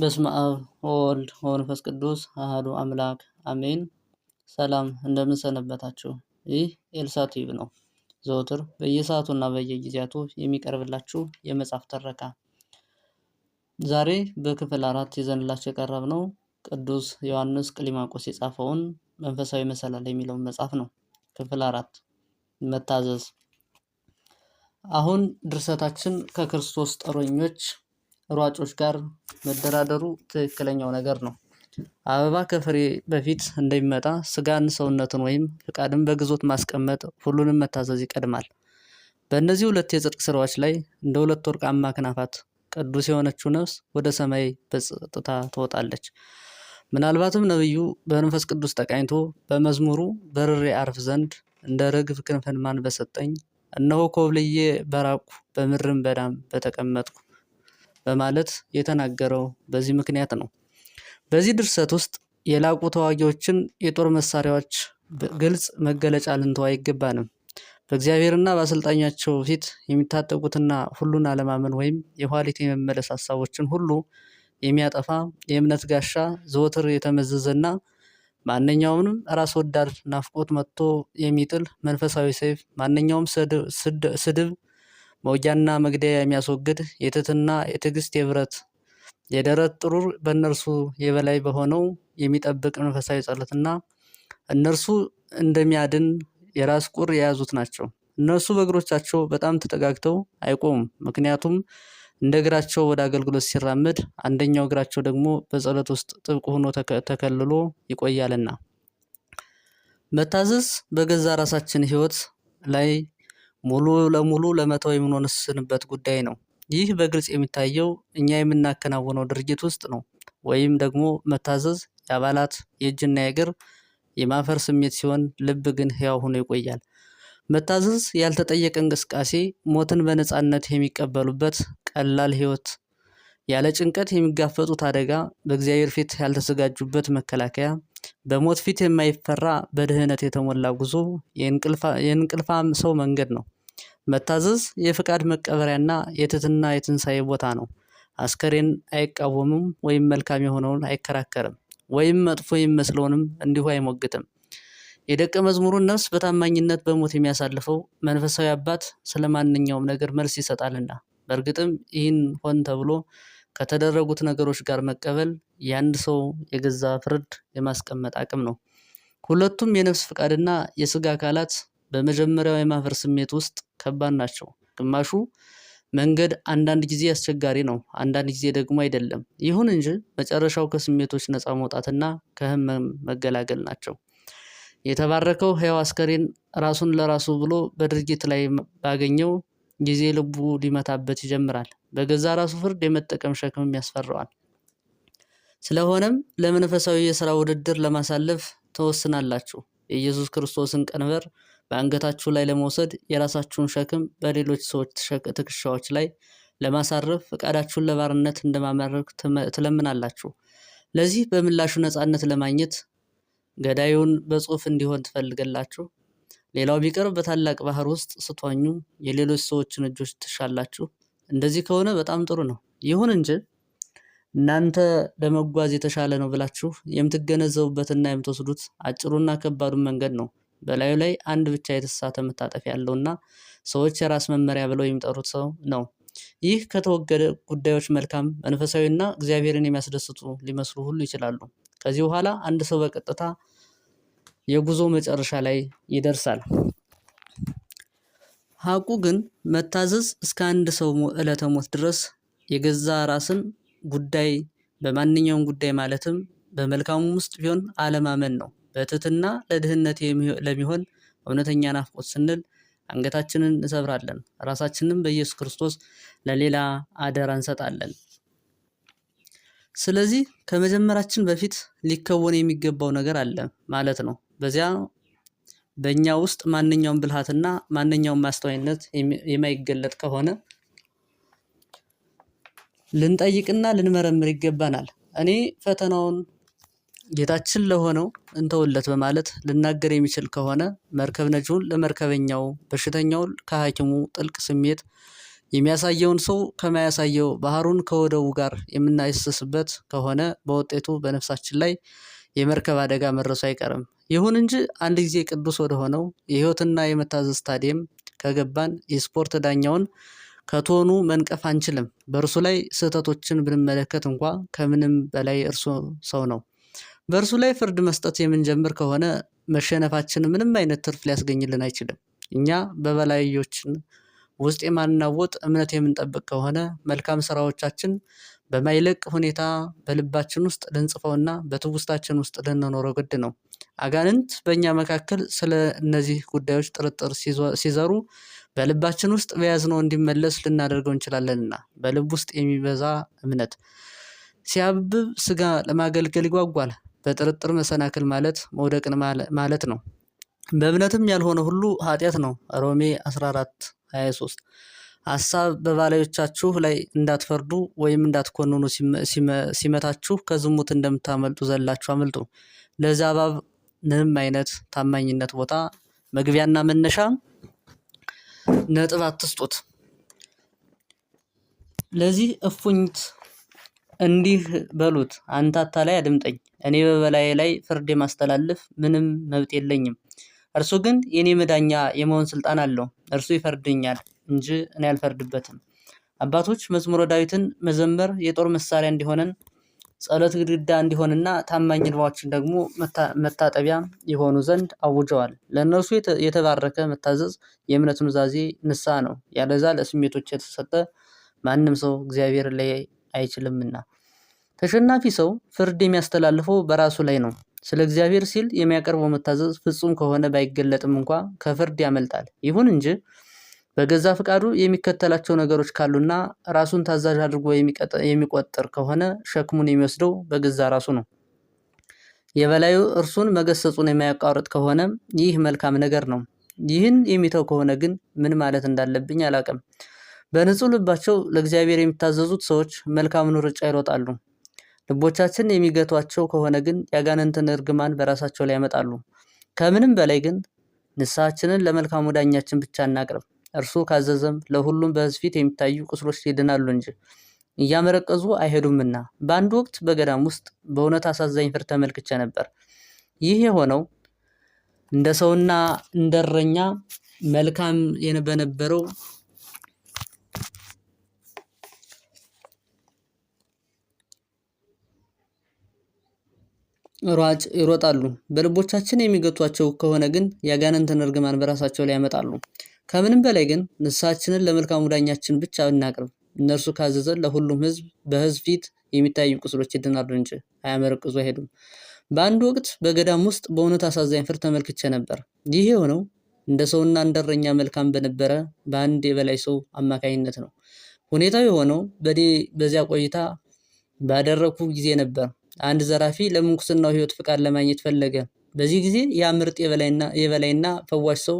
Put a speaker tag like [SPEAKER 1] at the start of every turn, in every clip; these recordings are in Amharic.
[SPEAKER 1] በስመ አብ ወወልድ ወመንፈስ ቅዱስ አህዱ አምላክ አሜን። ሰላም እንደምን ሰነበታችሁ? ይህ ኤልሳ ቲዩብ ነው። ዘወትር በየሰዓቱና በየጊዜያቱ የሚቀርብላችሁ የመጽሐፍ ትረካ። ዛሬ በክፍል አራት ይዘንላችሁ ነው። ቅዱስ ዮሐንስ ቅሊማቆስ የጻፈውን መንፈሳዊ መሰላል የሚለውን መጽሐፍ ነው። ክፍል አራት መታዘዝ። አሁን ድርሰታችን ከክርስቶስ ጦረኞች ሯጮች ጋር መደራደሩ ትክክለኛው ነገር ነው። አበባ ከፍሬ በፊት እንደሚመጣ ስጋን ሰውነትን ወይም ፍቃድን በግዞት ማስቀመጥ ሁሉንም መታዘዝ ይቀድማል። በእነዚህ ሁለት የጽድቅ ስራዎች ላይ እንደ ሁለት ወርቃማ ክናፋት ቅዱስ የሆነችው ነፍስ ወደ ሰማይ በጸጥታ ትወጣለች። ምናልባትም ነቢዩ በመንፈስ ቅዱስ ተቃኝቶ በመዝሙሩ በርሬ አርፍ ዘንድ እንደ ርግብ ክንፍን ማን በሰጠኝ፣ እነሆ ኮብልዬ በራቅሁ በምድርም በዳም በተቀመጥኩ በማለት የተናገረው በዚህ ምክንያት ነው። በዚህ ድርሰት ውስጥ የላቁ ተዋጊዎችን የጦር መሳሪያዎች ግልጽ መገለጫ ልንተው አይገባንም። በእግዚአብሔርና በአሰልጣኛቸው ፊት የሚታጠቁትና ሁሉን አለማመን ወይም የኋሊት የመመለስ ሀሳቦችን ሁሉ የሚያጠፋ የእምነት ጋሻ ዘወትር የተመዘዘና ማንኛውንም ራስ ወዳድ ናፍቆት መጥቶ የሚጥል መንፈሳዊ ሰይፍ፣ ማንኛውም ስድብ መውጊያና መግደያ የሚያስወግድ የትህትና የትዕግስት የብረት የደረት ጥሩር በእነርሱ የበላይ በሆነው የሚጠብቅ መንፈሳዊ ጸሎትና እነርሱ እንደሚያድን የራስ ቁር የያዙት ናቸው። እነርሱ በእግሮቻቸው በጣም ተጠጋግተው አይቆሙም። ምክንያቱም እንደ እግራቸው ወደ አገልግሎት ሲራመድ አንደኛው እግራቸው ደግሞ በጸሎት ውስጥ ጥብቅ ሆኖ ተከልሎ ይቆያልና። መታዘዝ በገዛ ራሳችን ሕይወት ላይ ሙሉ ለሙሉ ለመተው የምንወስንበት ጉዳይ ነው። ይህ በግልጽ የሚታየው እኛ የምናከናውነው ድርጊት ውስጥ ነው። ወይም ደግሞ መታዘዝ የአባላት የእጅና የእግር የማፈር ስሜት ሲሆን፣ ልብ ግን ህያው ሆኖ ይቆያል። መታዘዝ ያልተጠየቀ እንቅስቃሴ ሞትን በነፃነት የሚቀበሉበት ቀላል ህይወት ። ያለ ጭንቀት የሚጋፈጡት አደጋ በእግዚአብሔር ፊት ያልተዘጋጁበት መከላከያ በሞት ፊት የማይፈራ በድህነት የተሞላ ጉዞ የእንቅልፋም ሰው መንገድ ነው። መታዘዝ የፍቃድ መቀበሪያና የትትና የትንሣኤ ቦታ ነው። አስከሬን አይቃወምም ወይም መልካም የሆነውን አይከራከርም ወይም መጥፎ የሚመስለውንም እንዲሁ አይሞግትም። የደቀ መዝሙሩን ነፍስ በታማኝነት በሞት የሚያሳልፈው መንፈሳዊ አባት ስለ ማንኛውም ነገር መልስ ይሰጣልና በእርግጥም ይህን ሆን ተብሎ ከተደረጉት ነገሮች ጋር መቀበል የአንድ ሰው የገዛ ፍርድ የማስቀመጥ አቅም ነው። ሁለቱም የነፍስ ፍቃድና የስጋ አካላት በመጀመሪያው የማፈር ስሜት ውስጥ ከባድ ናቸው። ግማሹ መንገድ አንዳንድ ጊዜ አስቸጋሪ ነው፣ አንዳንድ ጊዜ ደግሞ አይደለም። ይሁን እንጂ መጨረሻው ከስሜቶች ነፃ መውጣትና ከህመም መገላገል ናቸው። የተባረከው ህያው አስከሬን ራሱን ለራሱ ብሎ በድርጊት ላይ ባገኘው ጊዜ ልቡ ሊመታበት ይጀምራል። በገዛ ራሱ ፍርድ የመጠቀም ሸክምም ያስፈራዋል። ስለሆነም ለመንፈሳዊ የሥራ ውድድር ለማሳለፍ ተወስናላችሁ። የኢየሱስ ክርስቶስን ቀንበር በአንገታችሁ ላይ ለመውሰድ የራሳችሁን ሸክም በሌሎች ሰዎች ትከሻዎች ላይ ለማሳረፍ ፈቃዳችሁን ለባርነት እንደማማረክ ትለምናላችሁ። ለዚህ በምላሹ ነፃነት ለማግኘት ገዳዩን በጽሑፍ እንዲሆን ትፈልገላችሁ ሌላው ቢቀርብ በታላቅ ባህር ውስጥ ስትዋኙ የሌሎች ሰዎችን እጆች ትሻላችሁ። እንደዚህ ከሆነ በጣም ጥሩ ነው። ይሁን እንጂ እናንተ ለመጓዝ የተሻለ ነው ብላችሁ የምትገነዘቡበትና የምትወስዱት አጭሩና ከባዱን መንገድ ነው። በላዩ ላይ አንድ ብቻ የተሳሳተ መታጠፍ ያለውና ሰዎች የራስ መመሪያ ብለው የሚጠሩት ሰው ነው። ይህ ከተወገደ ጉዳዮች መልካም መንፈሳዊና እግዚአብሔርን የሚያስደስቱ ሊመስሉ ሁሉ ይችላሉ። ከዚህ በኋላ አንድ ሰው በቀጥታ የጉዞ መጨረሻ ላይ ይደርሳል። ሐቁ ግን መታዘዝ እስከ አንድ ሰው ዕለተ ሞት ድረስ የገዛ ራስን ጉዳይ በማንኛውም ጉዳይ ማለትም በመልካሙ ውስጥ ቢሆን አለማመን ነው። በትህትና ለድህነት ለሚሆን እውነተኛ ናፍቆት ስንል አንገታችንን እንሰብራለን፣ ራሳችንም በኢየሱስ ክርስቶስ ለሌላ አደራ እንሰጣለን። ስለዚህ ከመጀመራችን በፊት ሊከወን የሚገባው ነገር አለ ማለት ነው። በዚያ በእኛ ውስጥ ማንኛውም ብልሃትና ማንኛውም ማስተዋይነት የማይገለጥ ከሆነ ልንጠይቅና ልንመረምር ይገባናል። እኔ ፈተናውን ጌታችን ለሆነው እንተውለት በማለት ልናገር የሚችል ከሆነ መርከብ ነጂውን ለመርከበኛው፣ በሽተኛው ከሐኪሙ፣ ጥልቅ ስሜት የሚያሳየውን ሰው ከማያሳየው፣ ባህሩን ከወደቡ ጋር የምናይስስበት ከሆነ በውጤቱ በነፍሳችን ላይ የመርከብ አደጋ መድረሱ አይቀርም። ይሁን እንጂ አንድ ጊዜ ቅዱስ ወደሆነው የህይወትና የመታዘዝ ስታዲየም ከገባን የስፖርት ዳኛውን ከቶኑ መንቀፍ አንችልም። በእርሱ ላይ ስህተቶችን ብንመለከት እንኳ ከምንም በላይ እርሱ ሰው ነው። በእርሱ ላይ ፍርድ መስጠት የምንጀምር ከሆነ መሸነፋችን ምንም አይነት ትርፍ ሊያስገኝልን አይችልም። እኛ በበላዮችን ውስጥ የማናወጥ እምነት የምንጠብቅ ከሆነ መልካም ስራዎቻችን በማይለቅ ሁኔታ በልባችን ውስጥ ልንጽፈውና በትውስታችን ውስጥ ልንኖረው ግድ ነው። አጋንንት በእኛ መካከል ስለ እነዚህ ጉዳዮች ጥርጥር ሲዘሩ በልባችን ውስጥ በያዝነው እንዲመለስ ልናደርገው እንችላለንና በልብ ውስጥ የሚበዛ እምነት ሲያብብ ስጋ ለማገልገል ይጓጓል። በጥርጥር መሰናክል ማለት መውደቅን ማለት ነው። በእምነትም ያልሆነ ሁሉ ኃጢአት ነው። ሮሜ 14 23 ሐሳብ ላይ እንዳትፈርዱ ወይም እንዳትኮንኑ ሲመታችሁ ከዝሙት እንደምታመልጡ ዘላችሁ አመልጡ አባብ ምንም አይነት ታማኝነት ቦታ መግቢያና መነሻ ነጥብ አትስጡት። ለዚህ እፉኝት እንዲህ በሉት፣ አንተ አታላይ አድምጠኝ፣ እኔ በበላይ ላይ ፍርድ የማስተላለፍ ምንም መብት የለኝም። እርሱ ግን የኔ መዳኛ የመሆን ስልጣን አለው። እርሱ ይፈርድኛል እንጂ እኔ አልፈርድበትም። አባቶች መዝሙረ ዳዊትን መዘመር የጦር መሳሪያ እንዲሆነን ጸሎት ግድግዳ እንዲሆንና ታማኝ እንባዎችን ደግሞ መታጠቢያ የሆኑ ዘንድ አውጀዋል። ለእነርሱ የተባረከ መታዘዝ የእምነቱ ኑዛዜ ንስሐ ነው። ያለዛ ለስሜቶች የተሰጠ ማንም ሰው እግዚአብሔር ላይ አይችልምና። ተሸናፊ ሰው ፍርድ የሚያስተላልፈው በራሱ ላይ ነው። ስለ እግዚአብሔር ሲል የሚያቀርበው መታዘዝ ፍጹም ከሆነ ባይገለጥም እንኳ ከፍርድ ያመልጣል። ይሁን እንጂ በገዛ ፍቃዱ የሚከተላቸው ነገሮች ካሉና ራሱን ታዛዥ አድርጎ የሚቆጠር ከሆነ ሸክሙን የሚወስደው በገዛ ራሱ ነው። የበላዩ እርሱን መገሰጹን የማያቋርጥ ከሆነ ይህ መልካም ነገር ነው። ይህን የሚተው ከሆነ ግን ምን ማለት እንዳለብኝ አላቅም። በንጹህ ልባቸው ለእግዚአብሔር የሚታዘዙት ሰዎች መልካምን ሩጫ ይሮጣሉ። ልቦቻችን የሚገቷቸው ከሆነ ግን ያጋንንትን እርግማን በራሳቸው ላይ ያመጣሉ። ከምንም በላይ ግን ንስሐችንን ለመልካሙ ዳኛችን ብቻ እናቅርብ። እርሱ ካዘዘም ለሁሉም በሕዝብ ፊት የሚታዩ ቁስሎች ይድናሉ እንጂ እያመረቀዙ አይሄዱምና። በአንድ ወቅት በገዳም ውስጥ በእውነት አሳዛኝ ፍርድ ተመልክቼ ነበር። ይህ የሆነው እንደ ሰውና እንደ እረኛ መልካም በነበረው ሯጭ ይሮጣሉ። በልቦቻችን የሚገቷቸው ከሆነ ግን ያጋንንትን እርግማን በራሳቸው ላይ ያመጣሉ። ከምንም በላይ ግን ንስሐችንን ለመልካሙ ዳኛችን ብቻ እናቅርብ። እነርሱ ካዘዘን ለሁሉም ህዝብ በህዝብ ፊት የሚታዩ ቁስሎች ይድናሉ እንጂ አያመረቅዙ አይሄዱም። በአንድ ወቅት በገዳም ውስጥ በእውነት አሳዛኝ ፍርድ ተመልክቼ ነበር። ይህ የሆነው እንደ ሰውና እንደ እረኛ መልካም በነበረ በአንድ የበላይ ሰው አማካኝነት ነው። ሁኔታው የሆነው በዚያ ቆይታ ባደረግኩ ጊዜ ነበር። አንድ ዘራፊ ለምንኩስናው ህይወት ፍቃድ ለማግኘት ፈለገ። በዚህ ጊዜ ያ ምርጥ የበላይና ፈዋሽ ሰው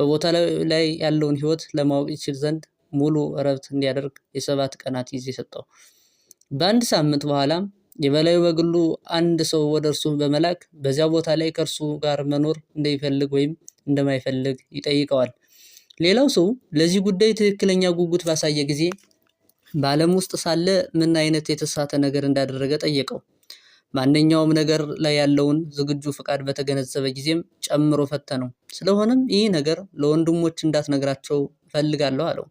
[SPEAKER 1] በቦታ ላይ ያለውን ህይወት ለማወቅ ይችል ዘንድ ሙሉ እረፍት እንዲያደርግ የሰባት ቀናት ጊዜ ሰጠው። በአንድ ሳምንት በኋላም የበላዩ በግሉ አንድ ሰው ወደ እርሱ በመላክ በዚያ ቦታ ላይ ከእርሱ ጋር መኖር እንደሚፈልግ ወይም እንደማይፈልግ ይጠይቀዋል። ሌላው ሰው ለዚህ ጉዳይ ትክክለኛ ጉጉት ባሳየ ጊዜ በዓለም ውስጥ ሳለ ምን አይነት የተሳተ ነገር እንዳደረገ ጠየቀው። ማንኛውም ነገር ላይ ያለውን ዝግጁ ፈቃድ በተገነዘበ ጊዜም ጨምሮ ፈተነው። ስለሆነም ይህ ነገር ለወንድሞች እንዳትነግራቸው እፈልጋለሁ አለው።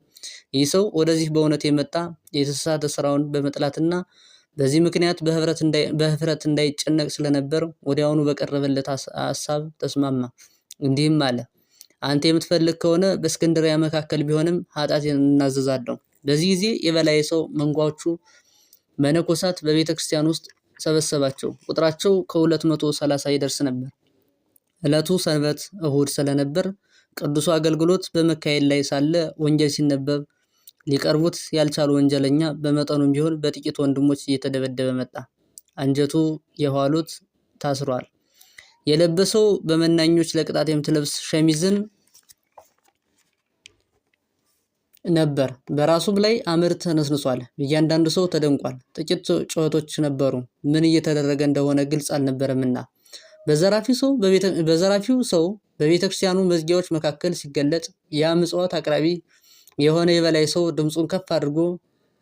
[SPEAKER 1] ይህ ሰው ወደዚህ በእውነት የመጣ የተሳሳተ ስራውን በመጥላትና በዚህ ምክንያት በህፍረት እንዳይጨነቅ ስለነበር ወዲያውኑ በቀረበለት ሀሳብ ተስማማ። እንዲህም አለ፣ አንተ የምትፈልግ ከሆነ በእስክንድሪያ መካከል ቢሆንም ሀጣት እናዘዛለሁ። በዚህ ጊዜ የበላይ ሰው መንጓዎቹ መነኮሳት በቤተ ክርስቲያን ውስጥ ሰበሰባቸው። ቁጥራቸው ከሁለት መቶ ሰላሳ ይደርስ ነበር። ዕለቱ ሰንበት እሁድ ስለነበር ቅዱሱ አገልግሎት በመካሄድ ላይ ሳለ ወንጌል ሲነበብ ሊቀርቡት ያልቻሉ ወንጀለኛ በመጠኑም ቢሆን በጥቂት ወንድሞች እየተደበደበ መጣ። አንጀቱ የኋሉት ታስሯል። የለበሰው በመናኞች ለቅጣት የምትለብስ ሸሚዝን ነበር። በራሱም ላይ አመድ ተነስንሷል። እያንዳንዱ ሰው ተደንቋል። ጥቂት ጩኸቶች ነበሩ፣ ምን እየተደረገ እንደሆነ ግልጽ አልነበረምና። በዘራፊው ሰው በቤተ ክርስቲያኑ መዝጊያዎች መካከል ሲገለጥ ያ ምጽዋት አቅራቢ የሆነ የበላይ ሰው ድምፁን ከፍ አድርጎ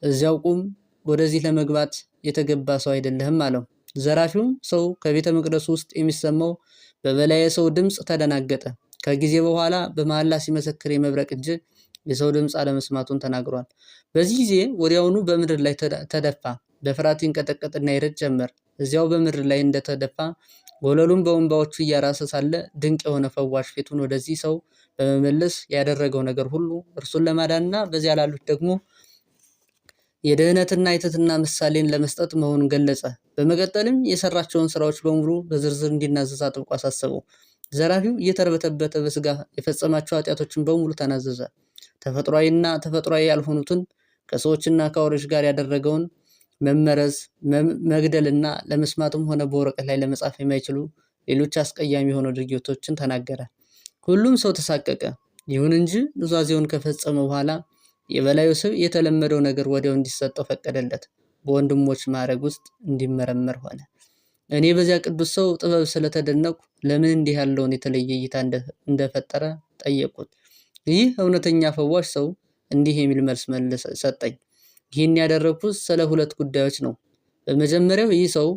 [SPEAKER 1] እዚያው ቁም፣ ወደዚህ ለመግባት የተገባ ሰው አይደለህም አለው። ዘራፊውም ሰው ከቤተ መቅደሱ ውስጥ የሚሰማው በበላይ ሰው ድምፅ ተደናገጠ። ከጊዜ በኋላ በመሐላ ሲመሰክር የመብረቅ እንጂ የሰው ድምፅ አለመስማቱን ተናግሯል። በዚህ ጊዜ ወዲያውኑ በምድር ላይ ተደፋ፣ በፍርሃት ይንቀጠቀጥና ይረድ ጀመር። እዚያው በምድር ላይ እንደተደፋ ወለሉን በወንባዎቹ እያራሰ ሳለ ድንቅ የሆነ ፈዋሽ ፊቱን ወደዚህ ሰው በመመለስ ያደረገው ነገር ሁሉ እርሱን ለማዳንና በዚያ ላሉት ደግሞ የድህነትና የትህትና ምሳሌን ለመስጠት መሆኑን ገለጸ። በመቀጠልም የሰራቸውን ስራዎች በሙሉ በዝርዝር እንዲናዘዝ አጥብቆ አሳሰበው። ዘራፊው እየተርበተበተ በስጋ የፈጸማቸው ኃጢአቶችን በሙሉ ተናዘዘ። ተፈጥሯዊና ተፈጥሯዊ ያልሆኑትን ከሰዎችና ከአውሬዎች ጋር ያደረገውን መመረዝ፣ መግደልና ለመስማትም ሆነ በወረቀት ላይ ለመጻፍ የማይችሉ ሌሎች አስቀያሚ የሆኑ ድርጊቶችን ተናገረ። ሁሉም ሰው ተሳቀቀ። ይሁን እንጂ ኑዛዜውን ከፈጸመ በኋላ የበላዩ ሰው የተለመደው ነገር ወዲያው እንዲሰጠው ፈቀደለት። በወንድሞች ማዕረግ ውስጥ እንዲመረመር ሆነ። እኔ በዚያ ቅዱስ ሰው ጥበብ ስለተደነቁ ለምን እንዲህ ያለውን የተለየ እይታ እንደፈጠረ ጠየቁት። ይህ እውነተኛ ፈዋሽ ሰው እንዲህ የሚል መልስ መልስ ሰጠኝ። ይህን ያደረግኩት ስለ ሁለት ጉዳዮች ነው። በመጀመሪያው ይህ ሰው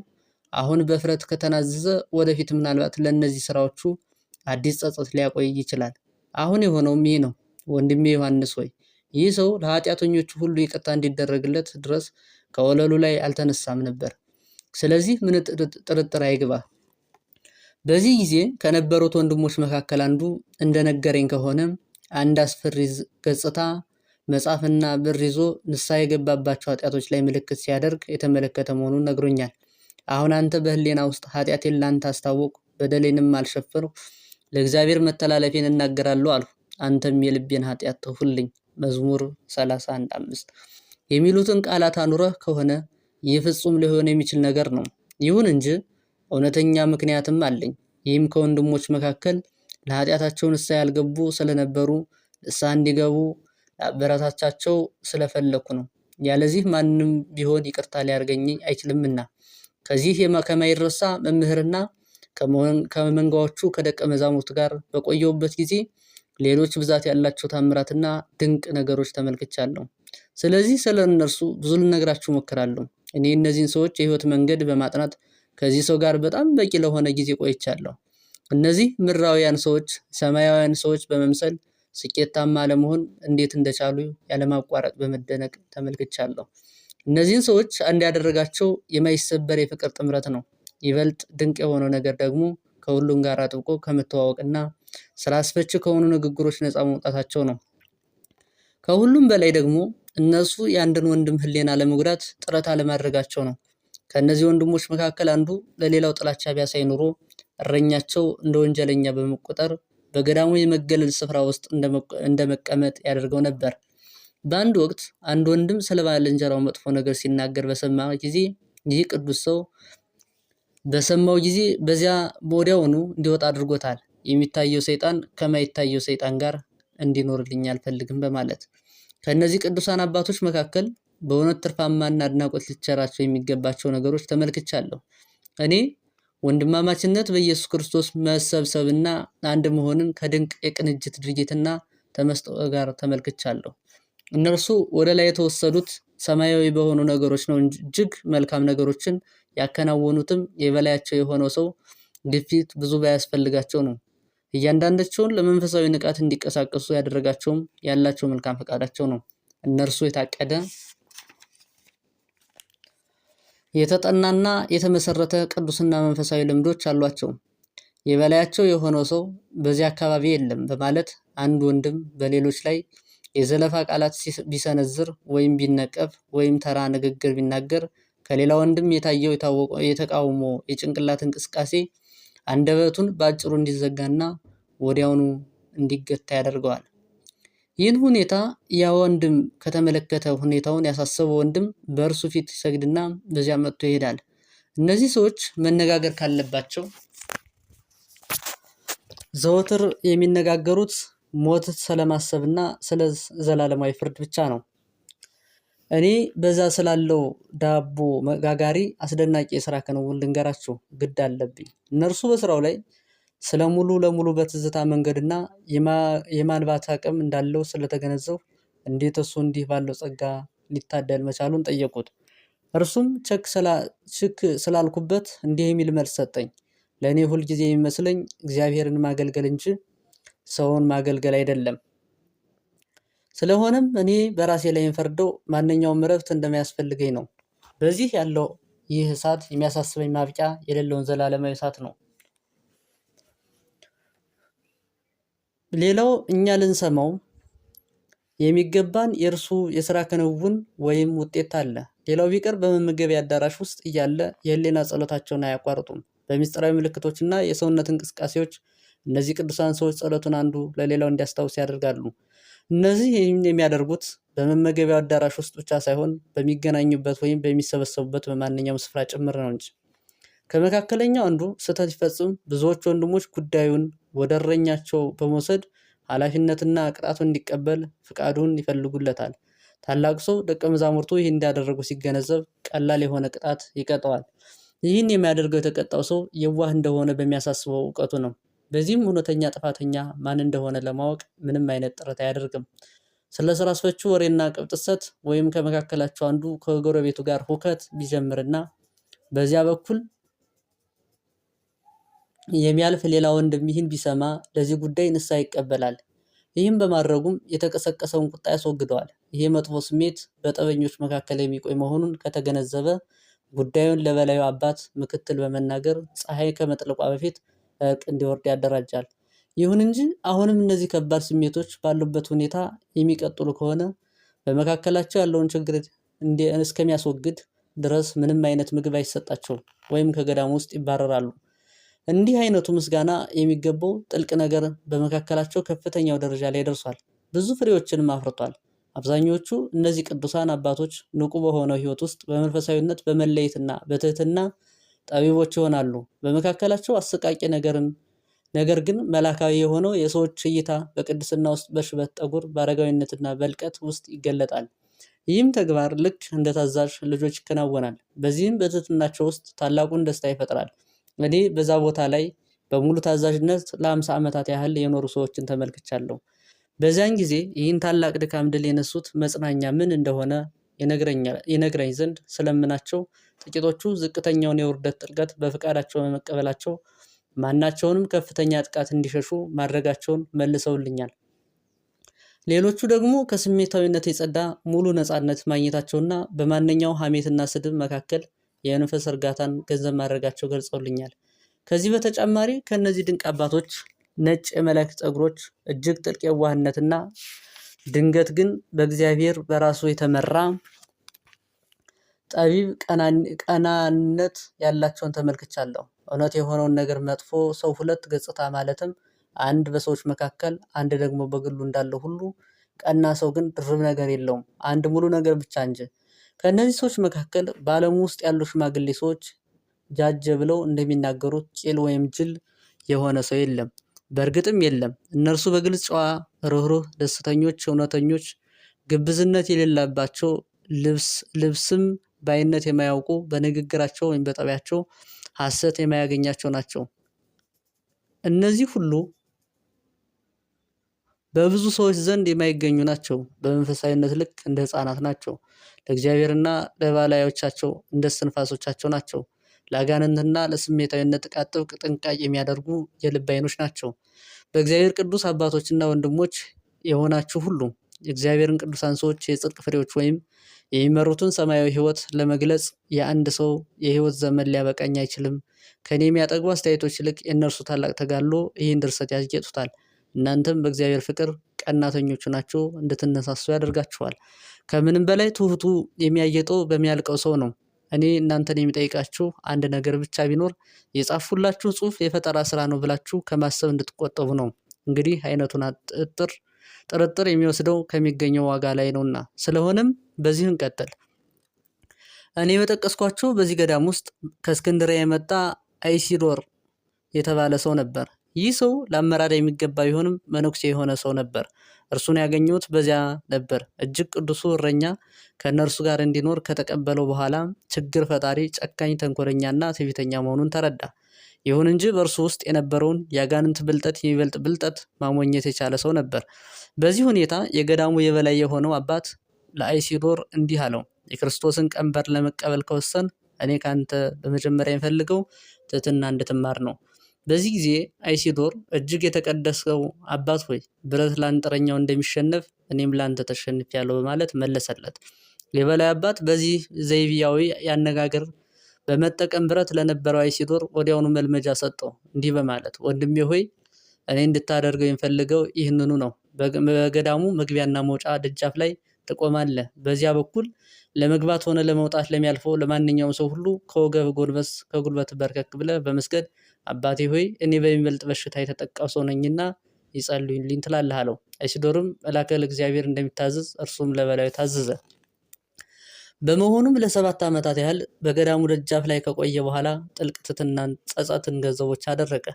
[SPEAKER 1] አሁን በፍረት ከተናዘዘ ወደፊት ምናልባት ለእነዚህ ስራዎቹ አዲስ ጸጸት ሊያቆይ ይችላል። አሁን የሆነውም ይህ ነው። ወንድሜ ዮሐንስ ሆይ ይህ ሰው ለኃጢአተኞቹ ሁሉ ይቅርታ እንዲደረግለት ድረስ ከወለሉ ላይ አልተነሳም ነበር። ስለዚህ ምን ጥርጥር አይግባ። በዚህ ጊዜ ከነበሩት ወንድሞች መካከል አንዱ እንደነገረኝ ከሆነም አንድ አስፈሪ ገጽታ መጽሐፍና ብር ይዞ ንስሐ የገባባቸው ኃጢአቶች ላይ ምልክት ሲያደርግ የተመለከተ መሆኑን ነግሮኛል። አሁን አንተ በህሌና ውስጥ ኃጢአቴን ላንተ አስታወቁ፣ በደሌንም አልሸፈንኩ፣ ለእግዚአብሔር መተላለፌን እናገራለሁ አልሁ። አንተም የልቤን ኃጢአት ትሁልኝ መዝሙር 31 5 የሚሉትን ቃላት አኑረህ ከሆነ ይህ ፍጹም ሊሆን የሚችል ነገር ነው። ይሁን እንጂ እውነተኛ ምክንያትም አለኝ። ይህም ከወንድሞች መካከል ለኃጢአታቸው ንስሐ ያልገቡ ስለነበሩ ንስሐ እንዲገቡ አበረታቻቸው ስለፈለኩ ነው። ያለዚህ ማንም ቢሆን ይቅርታ ሊያርገኝ አይችልምና ከዚህ ከማይረሳ መምህርና ከመንጋዎቹ ከደቀ መዛሙርት ጋር በቆየውበት ጊዜ ሌሎች ብዛት ያላቸው ታምራትና ድንቅ ነገሮች ተመልክቻለሁ። ስለዚህ ስለ እነርሱ ብዙ ልነግራችሁ ሞክራለሁ። እኔ እነዚህን ሰዎች የህይወት መንገድ በማጥናት ከዚህ ሰው ጋር በጣም በቂ ለሆነ ጊዜ ቆይቻለሁ። እነዚህ ምድራውያን ሰዎች ሰማያውያን ሰዎች በመምሰል ስኬታማ ለመሆን እንዴት እንደቻሉ ያለማቋረጥ በመደነቅ ተመልክቻለሁ። እነዚህን ሰዎች አንድ ያደረጋቸው የማይሰበር የፍቅር ጥምረት ነው። ይበልጥ ድንቅ የሆነው ነገር ደግሞ ከሁሉም ጋር አጥብቆ ከመተዋወቅና ስራ አስፈች ከሆኑ ንግግሮች ነፃ መውጣታቸው ነው። ከሁሉም በላይ ደግሞ እነሱ የአንድን ወንድም ህሌና ለመጉዳት ጥረት አለማድረጋቸው ነው። ከእነዚህ ወንድሞች መካከል አንዱ ለሌላው ጥላቻ ቢያሳይ ኑሮ እረኛቸው እንደ ወንጀለኛ በመቆጠር በገዳሙ የመገለል ስፍራ ውስጥ እንደመቀመጥ ያደርገው ነበር። በአንድ ወቅት አንድ ወንድም ስለ ባልንጀራው መጥፎ ነገር ሲናገር በሰማ ጊዜ ይህ ቅዱስ ሰው በሰማው ጊዜ በዚያ ወዲያውኑ እንዲወጣ አድርጎታል። የሚታየው ሰይጣን ከማይታየው ሰይጣን ጋር እንዲኖርልኝ አልፈልግም በማለት ከእነዚህ ቅዱሳን አባቶች መካከል በእውነት ትርፋማና አድናቆት ሊቸራቸው የሚገባቸው ነገሮች ተመልክቻለሁ እኔ ወንድማማችነት በኢየሱስ ክርስቶስ መሰብሰብና አንድ መሆንን ከድንቅ የቅንጅት ድርጊትና ተመስጦ ጋር ተመልክቻለሁ። እነርሱ ወደ ላይ የተወሰዱት ሰማያዊ በሆኑ ነገሮች ነው። እጅግ መልካም ነገሮችን ያከናወኑትም የበላያቸው የሆነው ሰው ግፊት ብዙ ባያስፈልጋቸው ነው። እያንዳንዳቸውን ለመንፈሳዊ ንቃት እንዲቀሳቀሱ ያደረጋቸውም ያላቸው መልካም ፈቃዳቸው ነው። እነርሱ የታቀደ የተጠናና የተመሰረተ ቅዱስና መንፈሳዊ ልምዶች አሏቸው። የበላያቸው የሆነው ሰው በዚህ አካባቢ የለም በማለት አንድ ወንድም በሌሎች ላይ የዘለፋ ቃላት ቢሰነዝር ወይም ቢነቀፍ ወይም ተራ ንግግር ቢናገር ከሌላ ወንድም የታየው የተቃውሞ የጭንቅላት እንቅስቃሴ አንደበቱን በአጭሩ እንዲዘጋና ወዲያውኑ እንዲገታ ያደርገዋል። ይህን ሁኔታ ያ ወንድም ከተመለከተ ሁኔታውን ያሳሰበው ወንድም በእርሱ ፊት ይሰግድና በዚያ መጥቶ ይሄዳል። እነዚህ ሰዎች መነጋገር ካለባቸው ዘወትር የሚነጋገሩት ሞት ስለማሰብና ስለ ዘላለማዊ ፍርድ ብቻ ነው። እኔ በዛ ስላለው ዳቦ መጋጋሪ አስደናቂ የስራ ክንውን ልንገራችሁ ግድ አለብኝ። እነርሱ በስራው ላይ ስለ ሙሉ ለሙሉ በትዝታ መንገድና የማንባት አቅም እንዳለው ስለተገነዘው እንዴት እሱ እንዲህ ባለው ጸጋ ሊታደል መቻሉን ጠየቁት። እርሱም ቸክ ስላልኩበት እንዲህ የሚል መልስ ሰጠኝ። ለእኔ ሁልጊዜ የሚመስለኝ እግዚአብሔርን ማገልገል እንጂ ሰውን ማገልገል አይደለም። ስለሆነም እኔ በራሴ ላይ የምፈርደው ማንኛውም እረፍት እንደሚያስፈልገኝ ነው። በዚህ ያለው ይህ እሳት የሚያሳስበኝ ማብቂያ የሌለውን ዘላለማዊ እሳት ነው። ሌላው እኛ ልንሰማው የሚገባን የእርሱ የስራ ክንውን ወይም ውጤት አለ። ሌላው ቢቀር በመመገቢያ አዳራሽ ውስጥ እያለ የህሌና ጸሎታቸውን አያቋርጡም። በሚስጥራዊ ምልክቶችና የሰውነት እንቅስቃሴዎች እነዚህ ቅዱሳን ሰዎች ጸሎቱን አንዱ ለሌላው እንዲያስታውስ ያደርጋሉ። እነዚህ ይህን የሚያደርጉት በመመገቢያው አዳራሽ ውስጥ ብቻ ሳይሆን በሚገናኙበት ወይም በሚሰበሰቡበት በማንኛውም ስፍራ ጭምር ነው እንጂ ከመካከለኛው አንዱ ስህተት ሲፈጽም ብዙዎች ወንድሞች ጉዳዩን ወደ እረኛቸው በመውሰድ ኃላፊነትና ቅጣቱን እንዲቀበል ፍቃዱን ይፈልጉለታል። ታላቅ ሰው ደቀ መዛሙርቱ ይህ እንዳደረጉ ሲገነዘብ ቀላል የሆነ ቅጣት ይቀጠዋል። ይህን የሚያደርገው የተቀጣው ሰው የዋህ እንደሆነ በሚያሳስበው እውቀቱ ነው። በዚህም እውነተኛ ጥፋተኛ ማን እንደሆነ ለማወቅ ምንም አይነት ጥረት አያደርግም። ስለ ስራ አስፈቹ ወሬና ቅብጥሰት ወይም ከመካከላቸው አንዱ ከጎረቤቱ ጋር ሁከት ቢጀምርና በዚያ በኩል የሚያልፍ ሌላ ወንድም ይህን ቢሰማ ለዚህ ጉዳይ ንስሐ ይቀበላል። ይህም በማድረጉም የተቀሰቀሰውን ቁጣ ያስወግደዋል። ይህ መጥፎ ስሜት በጠበኞች መካከል የሚቆይ መሆኑን ከተገነዘበ ጉዳዩን ለበላዩ አባት ምክትል በመናገር ፀሐይ ከመጥለቋ በፊት እርቅ እንዲወርድ ያደራጃል። ይሁን እንጂ አሁንም እነዚህ ከባድ ስሜቶች ባሉበት ሁኔታ የሚቀጥሉ ከሆነ በመካከላቸው ያለውን ችግር እስከሚያስወግድ ድረስ ምንም አይነት ምግብ አይሰጣቸውም ወይም ከገዳም ውስጥ ይባረራሉ። እንዲህ አይነቱ ምስጋና የሚገባው ጥልቅ ነገር በመካከላቸው ከፍተኛው ደረጃ ላይ ደርሷል። ብዙ ፍሬዎችንም አፍርቷል። አብዛኞቹ እነዚህ ቅዱሳን አባቶች ንቁ በሆነው ሕይወት ውስጥ በመንፈሳዊነት በመለየትና በትህትና ጠቢቦች ይሆናሉ። በመካከላቸው አሰቃቂ ነገርን ነገር ግን መላካዊ የሆነው የሰዎች እይታ በቅድስና ውስጥ በሽበት ጠጉር በአረጋዊነትና በልቀት ውስጥ ይገለጣል። ይህም ተግባር ልክ እንደ ታዛዥ ልጆች ይከናወናል። በዚህም በትህትናቸው ውስጥ ታላቁን ደስታ ይፈጥራል። እኔ በዛ ቦታ ላይ በሙሉ ታዛዥነት ለአምሳ ዓመታት ያህል የኖሩ ሰዎችን ተመልክቻለሁ። በዚያን ጊዜ ይህን ታላቅ ድካም ድል የነሱት መጽናኛ ምን እንደሆነ ይነግረኝ ዘንድ ስለምናቸው ጥቂቶቹ ዝቅተኛውን የውርደት ጥልቀት በፍቃዳቸው በመቀበላቸው ማናቸውንም ከፍተኛ ጥቃት እንዲሸሹ ማድረጋቸውን መልሰውልኛል። ሌሎቹ ደግሞ ከስሜታዊነት የጸዳ ሙሉ ነፃነት ማግኘታቸውና በማንኛው ሐሜትና ስድብ መካከል የመንፈስ እርጋታን ገንዘብ ማድረጋቸው ገልጸውልኛል። ከዚህ በተጨማሪ ከእነዚህ ድንቅ አባቶች ነጭ የመላእክት ጸጉሮች እጅግ ጥልቅ የዋህነትና ድንገት ግን በእግዚአብሔር በራሱ የተመራ ጠቢብ ቀናነት ያላቸውን ተመልክቻለሁ። እውነት የሆነውን ነገር መጥፎ ሰው ሁለት ገጽታ ማለትም አንድ በሰዎች መካከል፣ አንድ ደግሞ በግሉ እንዳለው ሁሉ ቀና ሰው ግን ድርብ ነገር የለውም አንድ ሙሉ ነገር ብቻ እንጂ ከእነዚህ ሰዎች መካከል በዓለሙ ውስጥ ያሉ ሽማግሌ ሰዎች ጃጀ ብለው እንደሚናገሩት ቂል ወይም ጅል የሆነ ሰው የለም፣ በእርግጥም የለም። እነርሱ በግልጽ ጨዋ፣ ርኅሩህ፣ ደስተኞች፣ እውነተኞች፣ ግብዝነት የሌላባቸው ልብስም በአይነት የማያውቁ በንግግራቸው ወይም በጠቢያቸው ሐሰት የማያገኛቸው ናቸው። እነዚህ ሁሉ በብዙ ሰዎች ዘንድ የማይገኙ ናቸው። በመንፈሳዊነት ልክ እንደ ሕፃናት ናቸው። ለእግዚአብሔርና ለባላዮቻቸው እንደ እስትንፋሶቻቸው ናቸው። ለአጋንንትና ለስሜታዊነት ጥቃት ጥብቅ ጥንቃቄ የሚያደርጉ የልብ አይኖች ናቸው። በእግዚአብሔር ቅዱስ አባቶችና ወንድሞች የሆናችሁ ሁሉ የእግዚአብሔርን ቅዱሳን ሰዎች የጽድቅ ፍሬዎች ወይም የሚመሩትን ሰማያዊ ህይወት ለመግለጽ የአንድ ሰው የህይወት ዘመን ሊያበቃኝ አይችልም። ከእኔ የሚያጠግቡ አስተያየቶች ይልቅ የእነርሱ ታላቅ ተጋድሎ ይህን ድርሰት ያስጌጡታል። እናንተም በእግዚአብሔር ፍቅር ቀናተኞቹ ናችሁ እንድትነሳሱ ያደርጋችኋል። ከምንም በላይ ትሑቱ የሚያየጠው በሚያልቀው ሰው ነው። እኔ እናንተን የሚጠይቃችሁ አንድ ነገር ብቻ ቢኖር የጻፉላችሁ ጽሑፍ የፈጠራ ስራ ነው ብላችሁ ከማሰብ እንድትቆጠቡ ነው። እንግዲህ አይነቱን ጥርጥር ጥርጥር የሚወስደው ከሚገኘው ዋጋ ላይ ነውና፣ ስለሆነም በዚህ እንቀጥል። እኔ በጠቀስኳቸው በዚህ ገዳም ውስጥ ከእስክንድሪያ የመጣ አይሲዶር የተባለ ሰው ነበር። ይህ ሰው ለአመራር የሚገባ ቢሆንም መነኩሴ የሆነ ሰው ነበር። እርሱን ያገኘሁት በዚያ ነበር። እጅግ ቅዱሱ እረኛ ከእነርሱ ጋር እንዲኖር ከተቀበለው በኋላ ችግር ፈጣሪ፣ ጨካኝ፣ ተንኮለኛና ትዕቢተኛ መሆኑን ተረዳ። ይሁን እንጂ በእርሱ ውስጥ የነበረውን የአጋንንት ብልጠት የሚበልጥ ብልጠት ማሞኘት የቻለ ሰው ነበር። በዚህ ሁኔታ የገዳሙ የበላይ የሆነው አባት ለአይሲዶር እንዲህ አለው፣ የክርስቶስን ቀንበር ለመቀበል ከወሰን እኔ ከአንተ በመጀመሪያ የምፈልገው ትህትና እንድትማር ነው። በዚህ ጊዜ አይሲዶር እጅግ የተቀደሰው አባት ሆይ ብረት ላንጥረኛው እንደሚሸነፍ እኔም ለአንተ ያለው በማለት መለሰለት። የበላይ አባት በዚህ ዘይቢያዊ ያነጋገር በመጠቀም ብረት ለነበረው አይሲዶር ወዲያውኑ መልመጃ ሰጠው፣ እንዲህ በማለት ወንድሜ ሆይ እኔ እንድታደርገው የምፈልገው ይህንኑ ነው። በገዳሙ መግቢያና መውጫ ደጃፍ ላይ ጥቆማለ። በዚያ በኩል ለመግባት ሆነ ለመውጣት ለሚያልፈው ለማንኛውም ሰው ሁሉ ከወገብ ጎንበስ ከጉልበት በርከክ ብለ በመስገድ አባቴ ሆይ እኔ በሚበልጥ በሽታ የተጠቃው ሰው ነኝና ይጸልዩልኝ ትላለህ አለው። አይሲዶርም እላከል እግዚአብሔር እንደሚታዘዝ እርሱም ለበላዩ ታዘዘ። በመሆኑም ለሰባት ዓመታት ያህል በገዳሙ ደጃፍ ላይ ከቆየ በኋላ ጥልቅ ጸጸትን ገንዘቦች አደረገ።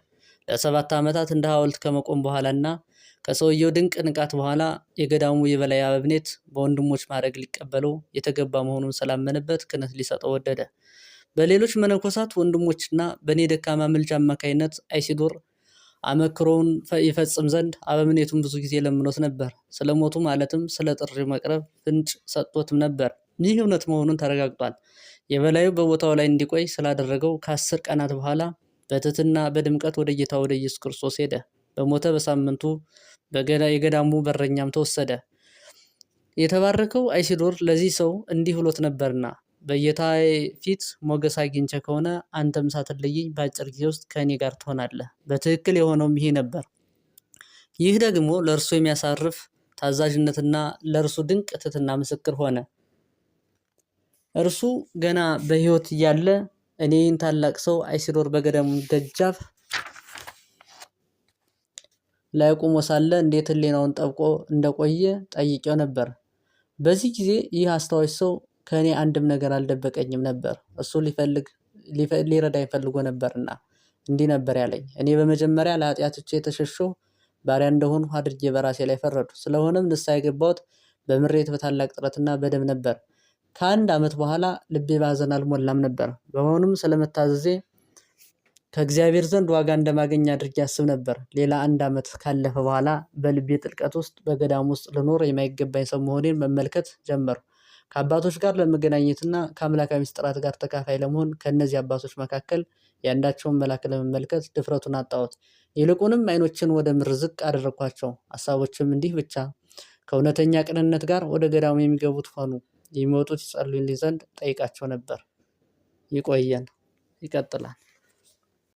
[SPEAKER 1] ለሰባት ዓመታት እንደ ሐውልት ከመቆም በኋላና ከሰውየው ድንቅ ንቃት በኋላ የገዳሙ የበላይ አበብኔት በወንድሞች ማድረግ ሊቀበለው የተገባ መሆኑን ስላመነበት ክህነት ሊሰጠው ወደደ። በሌሎች መነኮሳት ወንድሞችና በእኔ ደካማ ምልጃ አማካይነት አይሲዶር አመክሮውን ይፈጽም ዘንድ አበምኔቱን ብዙ ጊዜ ለምኖት ነበር። ስለ ሞቱ ማለትም ስለ ጥሪ መቅረብ ፍንጭ ሰጥቶትም ነበር። ይህ እውነት መሆኑን ተረጋግጧል። የበላዩ በቦታው ላይ እንዲቆይ ስላደረገው ከአስር ቀናት በኋላ በትህትና በድምቀት ወደ ጌታ ወደ ኢየሱስ ክርስቶስ ሄደ። በሞተ በሳምንቱ የገዳሙ በረኛም ተወሰደ። የተባረከው አይሲዶር ለዚህ ሰው እንዲህ ብሎት ነበርና በጌታዬ ፊት ሞገስ አግኝቼ ከሆነ አንተም ሳትለየኝ በአጭር ጊዜ ውስጥ ከእኔ ጋር ትሆናለህ። በትክክል የሆነውም ይሄ ነበር። ይህ ደግሞ ለእርሱ የሚያሳርፍ ታዛዥነትና ለእርሱ ድንቅ ትህትና ምስክር ሆነ። እርሱ ገና በሕይወት እያለ እኔን ታላቅ ሰው አይሲዶር በገዳሙ ደጃፍ ላይ ቆሞ ሳለ እንዴት ሕሊናውን ጠብቆ እንደቆየ ጠይቄው ነበር። በዚህ ጊዜ ይህ አስታዋሽ ሰው ከእኔ አንድም ነገር አልደበቀኝም ነበር። እሱ ሊረዳኝ ፈልጎ ነበርና እንዲህ ነበር ያለኝ። እኔ በመጀመሪያ ለኃጢአቶቼ የተሸሸሁ ባሪያ እንደሆኑ አድርጌ በራሴ ላይ ፈረዱ። ስለሆነም ንስሐ የገባሁት በምሬት በታላቅ ጥረትና በደም ነበር። ከአንድ ዓመት በኋላ ልቤ ባዘን አልሞላም ነበር። በመሆኑም ስለመታዘዜ ከእግዚአብሔር ዘንድ ዋጋ እንደማገኝ አድርጌ አስብ ነበር። ሌላ አንድ ዓመት ካለፈ በኋላ በልቤ ጥልቀት ውስጥ በገዳም ውስጥ ልኖር የማይገባኝ ሰው መሆኔን መመልከት ጀመርኩ። ከአባቶች ጋር ለመገናኘትና ከአምላካዊ ምስጢራት ጋር ተካፋይ ለመሆን ከእነዚህ አባቶች መካከል የአንዳቸውን መልአክ ለመመልከት ድፍረቱን አጣሁት። ይልቁንም አይኖችን ወደ ምድር ዝቅ አደረግኳቸው። ሀሳቦችም እንዲህ ብቻ ከእውነተኛ ቅንነት ጋር ወደ ገዳሙ የሚገቡት ሆኑ። የሚወጡት ይጸልዩልኝ ዘንድ ጠይቃቸው ነበር። ይቆየን። ይቀጥላል።